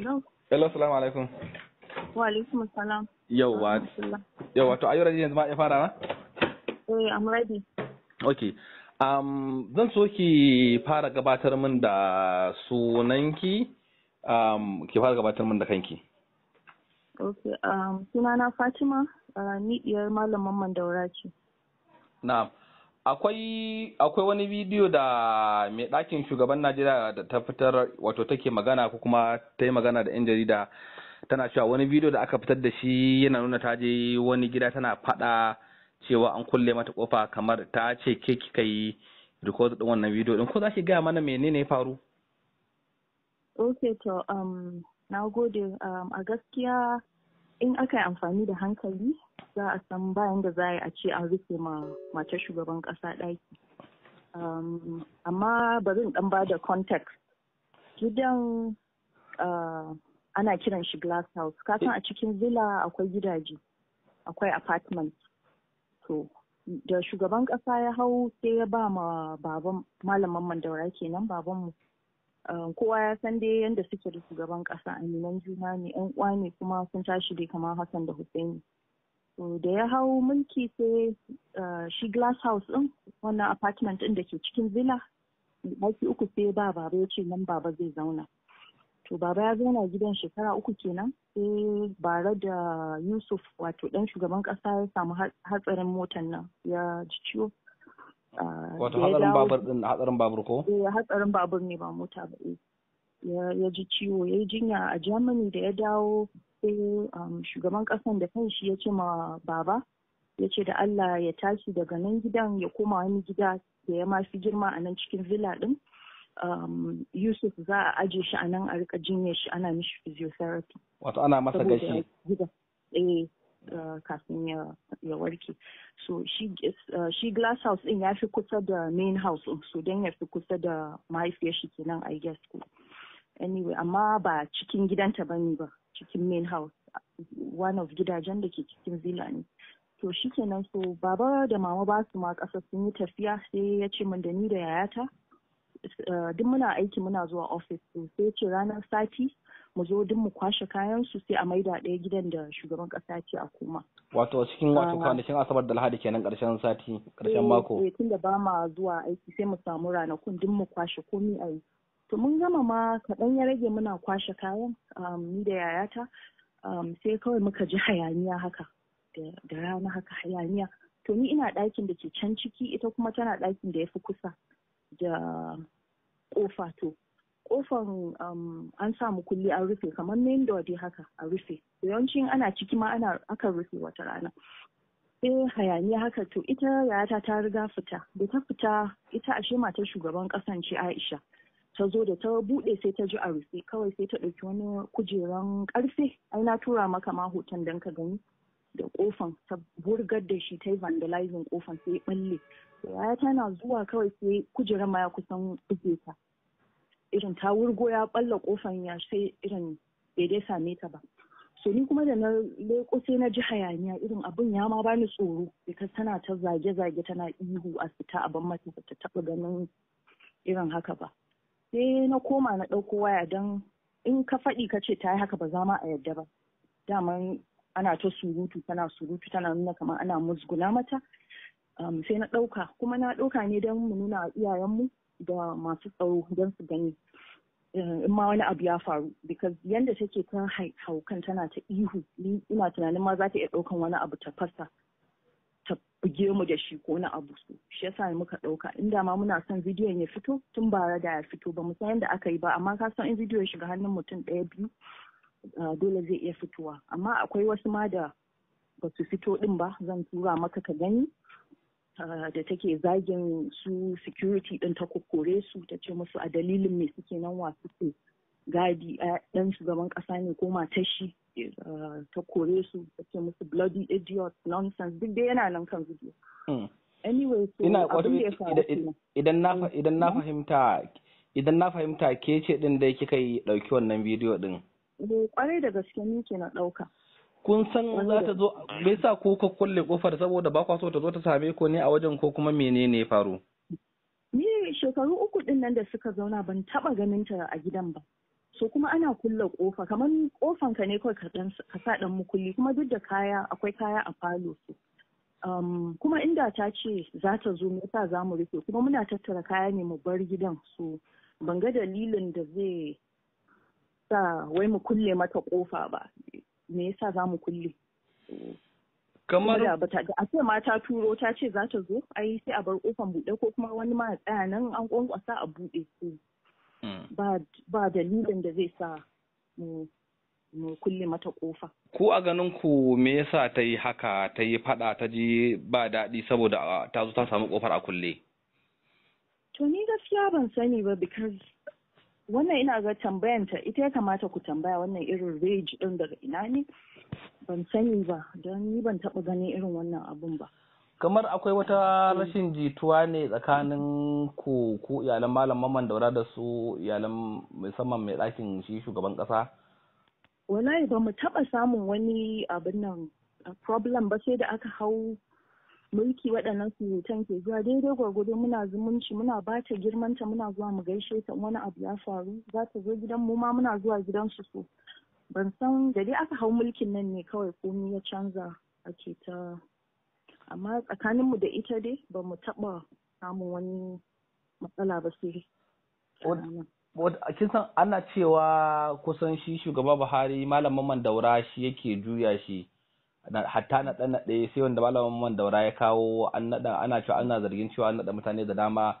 Hello, assalamu alaikum. Wa alaikum salam Yawwa. Yawwa to ayyura yanzu ma ya fara na? Eh, I'm ready. Okay. Um, zan so ki fara gabatar min da sunanki, um, ki fara gabatar min da kanki. Okay, um, sunana Fatima, uh, ni diyar malamin Mandaura ce. Na'am. akwai akwai wani bidiyo da mai ɗakin shugaban najeriya da ta fitar wato take magana ko kuma ta yi magana da 'yan jarida tana cewa wani bidiyo da aka fitar da shi yana nuna ta je wani gida tana faɗa cewa an kulle mata kofa kamar ta ce ke kika yi record din wannan bidiyo din ko za ki gaya mana menene ya faru ok to um, na gode um, a gaskiya in aka yi amfani da hankali za a san bayan da za a yi a ce an rufe ma matar shugaban ƙasa ɗaki um, amma bari ɗan ba da context gidan uh, ana kiran shi glass house kasan a cikin villa akwai gidaje akwai apartment to da shugaban ƙasa ya hau sai ya ba ma baban malaman mandaura kenan babanmu Ehm, kowa ya san dai yadda suke da shugaban kasa aminan juna ne yan uwa ne kuma sun tashi dai kamar hassan da hussaini to da ya hau mulki sai ehm, shi glass house din wannan apartment din da ke cikin villa ɗaki uku sai ba baba ya ce nan baba zai zauna to baba ya zauna gidan shekara uku kenan sai bare da yusuf wato dan shugaban kasa ya samu hatsarin motar nan ya ji ciwo Ah, wato hatsarin babur din hatsarin babur ko eh hatsarin babur ne ba mota ba eh. ya ji ciwo ya yi jinya a germany da ya dawo sai um, shugaban kasan da kanshi ya ce ma baba ya ce da allah ya tashi daga nan gidan ya koma wani gida da ya mafi girma a nan cikin villa din um, yusuf za a aje shi a nan a rika jinya shi ana mishi physiotherapy wato ana masa gashi eh Uh, kafin ya warke so uh, shi glass house din ya fi kusa da main house din so don ya fi kusa da mahaifiyar shi kenan a guess ko anyway amma ba cikin gidanta ba ba cikin main house one of gidajen da ke cikin zila ne to shi kenan so baba da mama ba su ma kasa sun yi tafiya sai ya ce min da ni da yayata uh, duk muna aiki muna zuwa ofis to sai ce ranar sati mu zo duk mu kwashe kayan su sai a maida ɗaya gidan da shugaban ƙasa ce a koma. Wato cikin wato kwanakin Asabar da Lahadi kenan ƙarshen sati ƙarshen eh, mako. Eh tunda ba ma zuwa aiki sai mu samu ranakun duk mu kwashe komi a yi. To mun gama ma kaɗan ya rage muna kwashe kayan um, ni da yayata um, sai kawai muka ji hayaniya haka da rana haka hayaniya. To ni ina ɗakin da ke can ciki ita kuma tana ɗakin da ya fi kusa da ƙofa to kofan um, an samu kulli an rufe kamar main door dai haka a rufe yawancin ana ciki ma ana akan rufe wata rana sai hayaniya haka to ita yayata ta riga fita da ta fita ita ashe matar shugaban kasan ce Aisha ta zo da ta bude sai ta ji a rufe kawai sai ta ɗauki wani kujeran karfe ai na tura maka ma hoton dan ka gani da kofan ta burgar da shi ta yi vandalizing kofan sai balle yaya tana zuwa kawai sai kujerar ma ya kusan kuje ta irin ta wurgo ya balla kofan ya sai irin bai dai same ta ba so ni kuma da na leko sai na ji hayaniya irin abin ya ma bani tsoro because tana ta zage zage tana ihu a fita a ban mata ta taba ganin irin haka ba sai na koma na ɗauko waya don in ka faɗi ka ce ta yi haka ba za ma a yadda ba daman ana ta surutu tana surutu tana nuna kamar ana musguna mata um, sai na ɗauka kuma na ɗauka ne don mu nuna mu. da masu tsaro don su gani eh, in ma wani abu ya faru because yanda take kan haukan tana ta ihu Ni ina tunanin ma za ta iya ɗaukan wani abu ta fasa ta buge mu da shi ko na abu su shi yasa muka ɗauka inda ma muna son bidiyon ya fito tun bara da ya fito ba mu san yadda aka yi ba amma ka san in bidiyo ya shiga hannun mutum ɗaya biyu ah, dole zai iya fitowa amma akwai wasu ma da ba su fito ɗin ba zan tura maka ka gani da take zagin su security din ta kokore su ta ce musu a dalilin me suke nan wa suke gadi ɗan shugaban ƙasa ne ko matar shi ta kore su ta ce musu bloody idiot nonsense duk dai yana nan kan video. Hmm. Anyway, so abin da ya faru hmm. idan na fahimta idan na fahimta ke ce din da kika yi ɗauki wannan bidiyo din. Kwarai eh, da gaske ni ke na ɗauka. kun san za ta zo me yasa ko ka kulle kofar saboda ba kwa so ta zo ta same ku ne a wajen ko kuma menene ya faru ni shekaru uku din nan da suka zauna ban taba ganin ta a gidan ba so kuma ana kulle kofa kamar kofan ka ne kawai ka dan ka sa dan mukulli kuma duk da kaya akwai kaya a falo su um, kuma inda ta ce za ta zo me yasa za mu rufe kuma muna tattara kaya ne mu bar gidan su. ban ga dalilin da zai sa wai mu kulle mata kofa ba me yasa za mu kulle kamar da a ce mata turo ta ce za ta zo ai sai a bar kofan buɗe ko kuma wani ma tsaya nan an kwankwasa a buɗe su hmm. ba dalilin da zai sa mu kulle mata kofa ku a ganin ku me yasa ta yi haka ta yi fada ta ji ba daɗi saboda ta zo ta samu kofar a kulle to ni gaskiya ban sani ba because wannan ina ga tambayan ta ita ya kamata ku tambaya wannan irin rage din daga ina ne ban sani ba don ni ban taba ganin irin wannan abun ba kamar akwai wata mm. rashin jituwa ne tsakanin ku ku iyalan malam maman daura da su iyalan musamman mai ɗakin shi shugaban ƙasa wallahi ba mu taɓa samun wani abin nan problem ba sai da aka hau mulki waɗannan surutan ke zuwa daidai gwargwado muna zumunci muna ba ta girmanta muna zuwa mu gaishe ta wani abu ya faru za ta zo gidan mu ma muna zuwa gidan su so ban san da dai aka hau mulkin nan ne kawai komai ya canza ake ta amma tsakaninmu da ita dai ba mu taɓa samun wani matsala ba sai kin san ana cewa kusan shi shugaba Buhari malamin Mandaura shi yake juya shi hatta na dan naɗe sai wanda malamin man daura ya kawo an naɗa ana cewa ana zargin cewa an naɗa mutane da dama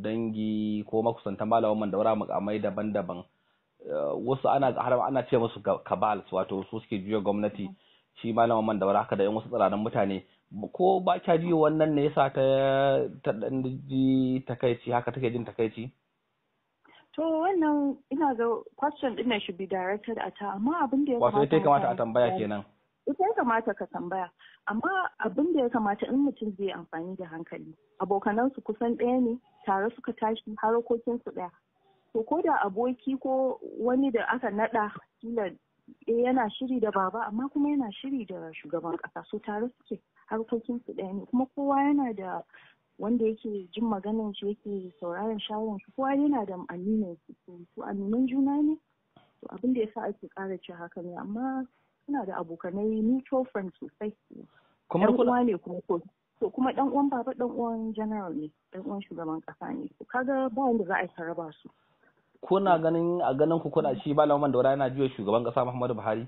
dangi ko makusantan malamin man daura mukamai daban-daban eh, wasu ana har ana ce musu kabals wato su suke juya gwamnati shi malamin man daura haka da yan wasu tsiranan mutane ko ba kya ji wannan ne yasa ta ta dan ji takaici haka take jin takaici to wannan ina ga question din should be directed at amma abin da ya kamata wato kamata a tambaya kenan ita ya kamata ka tambaya amma abin da ya kamata in mutum zai amfani da hankali abokanansu kusan ɗaya ne tare suka tashi su ɗaya to ko da aboki ko wani da aka naɗa kila eh, yana shiri da baba amma kuma yana shiri da shugaban ƙasa so tare suke harkokinsu ɗaya ne kuma kowa yana da wanda yake jin maganin shi yake sauraron shawaran shi kowa yana da aminin su aminan juna ne to abin da yasa ake ƙara ci haka ne amma suna da abokanai mutual friends sosai kuma kuma ne kuma ko to kuma dan uwan baba dan uwan general ne dan uwan shugaban kasa ne kaga ba wanda za a yi raba su kuna ganin a ganin ku kuna shi ba lawan daura yana juya shugaban kasa Muhammadu Buhari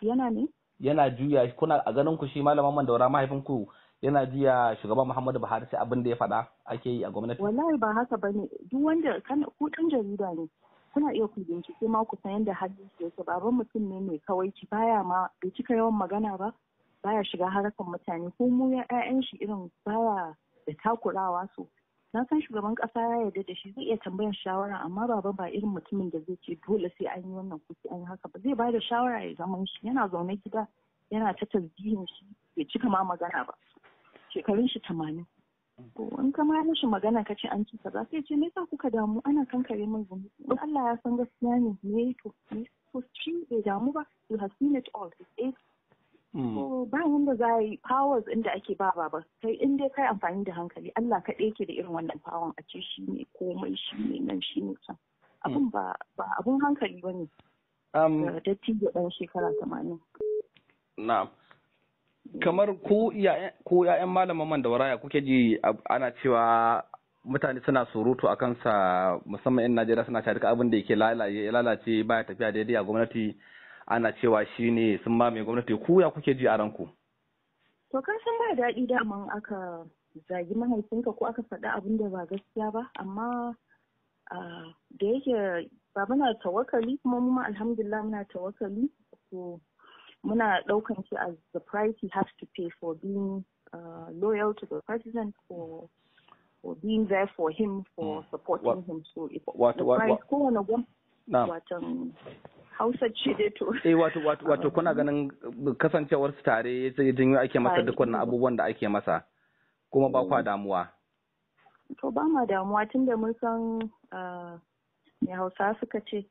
yana ne yana juya kuna a ganin ku shi malaman daura mahaifin ku yana jiya shugaban Muhammadu Buhari sai abin da ya faɗa ake yi a gwamnati. Wallahi ba haka bane duk wanda kan ku jarida ne kuna iya ku bincike ma ku san yadda hali shi yake baban mutum ne mai kawaici baya ma bai cika yawan magana ba baya shiga harakan mutane ko mu ya ƴaƴan shi irin baya da takurawa so na san shugaban kasa ya yarda da shi zai iya tambayar shawara amma baba ba irin mutumin da zai ce dole sai an yi wannan ko sai an yi haka ba zai bada shawara ya zaman shi yana zaune gida yana ta tasbihin shi bai cika ma magana ba shekarun shi tamanin To in ka ma shi magana ka ce an ci kaza sai ce me yasa kuka damu ana kankare min gumi don Allah ya san gaskiya ne me to me shi bai damu ba you have seen it all it's eight. Hmm. So ba wanda za a yi powers inda ake ba ba ba sai in dai kai amfani da hankali Allah kaɗai yake da irin wannan power a ce shi ne komai shi ne nan shi ne can. abin hmm. ba abin hankali ba ne. Um, dattijo shekara tamanin. Na'am. kamar ko ya'yan malaman man da waraya kuke ji ana cewa mutane suna surutu a kansa musamman 'yan najeriya suna cari abin da yake lalace baya tafiya daidai a gwamnati ana cewa shi ne sun mai gwamnati ku ya kuke ji a ranku to kan san ba daɗi daman aka zagi mahaifinka ko aka faɗi abin da ba gaskiya ba amma da yake ba muna tawakali kuma mu alhamdulillah muna tawakali muna ɗaukan shi as the price he has to pay for being uh, loyal to the president for for being there for him for hmm. supporting what, him so if what, the what, price ko wani gwamnati watan hausa ce dai to eh wato wato wato kuna um, ganin kasancewar su tare sai janyo ake masa duk wannan abubuwan da ake masa kuma ba kwa hmm. damuwa to ba ma damuwa tunda mun san uh, me hausa suka ce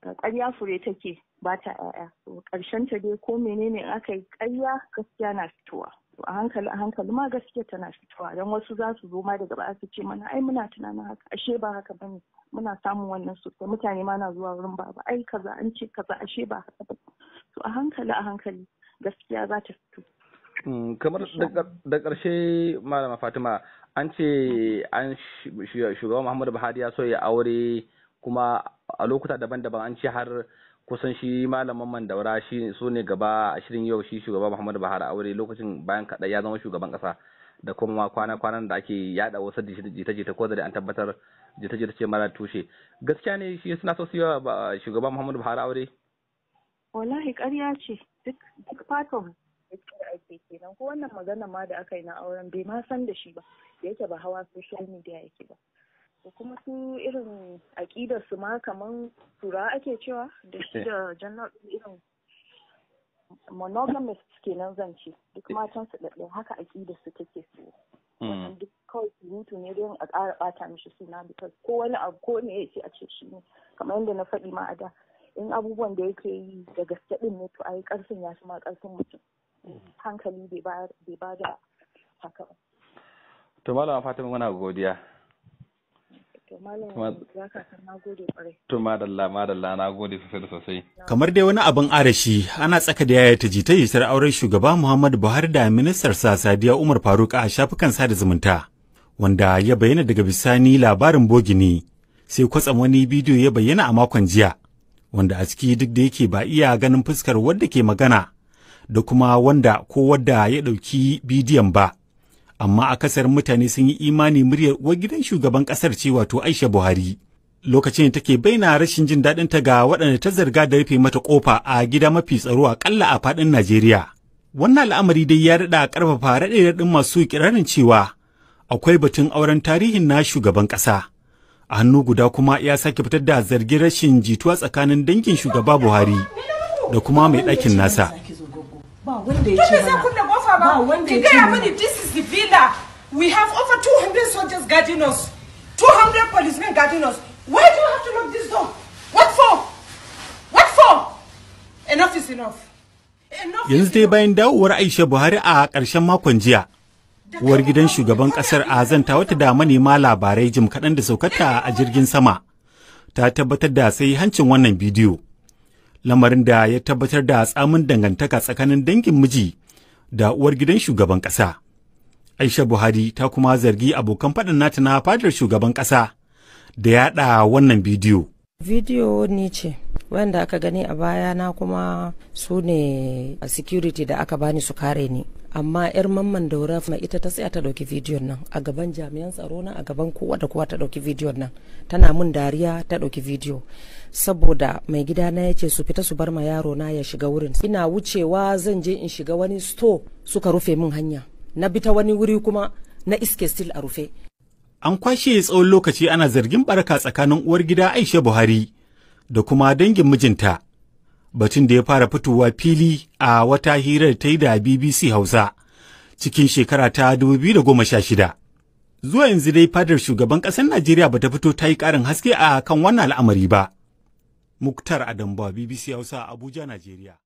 karya fure take ba ta ƴaƴa ƙarshen ta dai ko menene aka yi ƙarya gaskiya na fitowa a hankali a hankali ma gaskiya tana fitowa don wasu za su zo ma daga baya su ce mana ai muna tunanin haka ashe ba haka bane muna samun wannan sosai mutane ma na zuwa wurin baba ai kaza an ce kaza ashe ba haka ba. to a hankali a hankali gaskiya za ta fito mm, kamar da ƙarshe malama fatima an ce an shugaba muhammadu buhari ya so ya aure kuma a lokuta daban-daban an ce har kusan shi malaman mandaura shi su ne gaba a shirin yau shi shugaba muhammadu buhari a aure lokacin bayan kaɗai ya zama shugaban ƙasa da kuma kwana-kwanan da ake yada wasu jita-jita ko da an tabbatar jita-jita ce mara tushe gaskiya ne shi suna so su yi shugaba muhammadu buhari a aure wallahi ƙarya ce duk fatan ake kenan ko wannan magana ma da aka yi na auren bai ma san da shi ba da yake ba hawa social media yake ba kuma su irin aƙidar su ma kaman tura ake cewa da shi eh. da janar irin monogamous kenan zance duk eh. matan su ɗaɗɗe haka aƙidar su take su hmm. duk kawai mutu ne don a ƙara ɓata mishi suna because ko wani abu ko ne ya ce a ce shi ne kamar yadda na faɗi ma a da in abubuwan da yake yi da gaske ɗin ne to ai ƙarfin ya fi ma ƙarfin mutum hankali bai ba da haka ba. To Malama Fatima muna godiya. To Kamar dai wani abin arashi ana tsaka da yaya ta jita yitar auren shugaba Muhammadu Buhari da ministar sa Sadiya Umar Faruk a shafukan sada zumunta wanda ya bayyana daga bisani labarin bogini sai kwatsam wani bidiyo ya bayyana a makon jiya wanda a ciki duk da yake ba iya ganin fuskar wadda ke magana da kuma wanda ko wadda ya ɗauki bidiyon ba. amma a akasar mutane sun yi imani muryar uwar gidan shugaban kasar ce wato Aisha Buhari. Lokacin da take bayyana rashin jin daɗin ta ga waɗanda ta zarga da rufe mata ƙofa a gida mafi tsaro a ƙalla a faɗin Najeriya. Wannan al'amari dai ya daɗa ƙarfafa raɗe-raɗin masu ƙirarin cewa akwai batun auren tarihin na shugaban ƙasa. A hannu guda kuma ya sake fitar da zargin rashin jituwa tsakanin dangin shugaba Buhari da kuma mai ɗakin nasa. Ba wanda ya ce mutuwa ba ki this is the villa we have over 200 soldiers guarding us 200 policemen guarding us why do you have to lock this door what for what for enough is enough yanzu dai bayan dawowar aisha buhari a ƙarshen makon jiya uwar gidan shugaban ƙasar a zanta wata da manema labarai jim kaɗan da saukata a jirgin sama ta tabbatar da sai hancin wannan bidiyo lamarin da ya tabbatar da tsamin dangantaka tsakanin dangin miji da uwar gidan shugaban ƙasa. Aisha Buhari ta kuma zargi abokan faɗin nata na fadar shugaban ƙasa da yaɗa wannan bidiyo. Bidiyo ni ce wanda aka gani a baya na kuma su ne security da aka bani su kare ni. amma yar mamman daura ita ta tsaya ta dauki bidiyon nan a gaban jami'an tsaro na a gaban kowa da kowa ta dauki bidiyon nan tana mun dariya ta dauki bidiyo saboda mai gida na yace su fita su bar ma yaro na ya shiga wurin ina wucewa zan je in shiga wani store suka rufe min hanya na bi ta wani wuri kuma na iske still a rufe an kwashe tsawon lokaci ana zargin baraka tsakanin uwar gida Aisha Buhari da kuma dangin mijinta batun da ya fara fitowa fili a wata hirar ta yi da BBC Hausa cikin shekara ta 2016. Zuwa yanzu dai fadar shugaban ƙasar Najeriya ba ta fito ta yi ƙarin haske a kan wannan al'amari ba. Muktar Adamba, BBC Hausa, Abuja, Najeriya.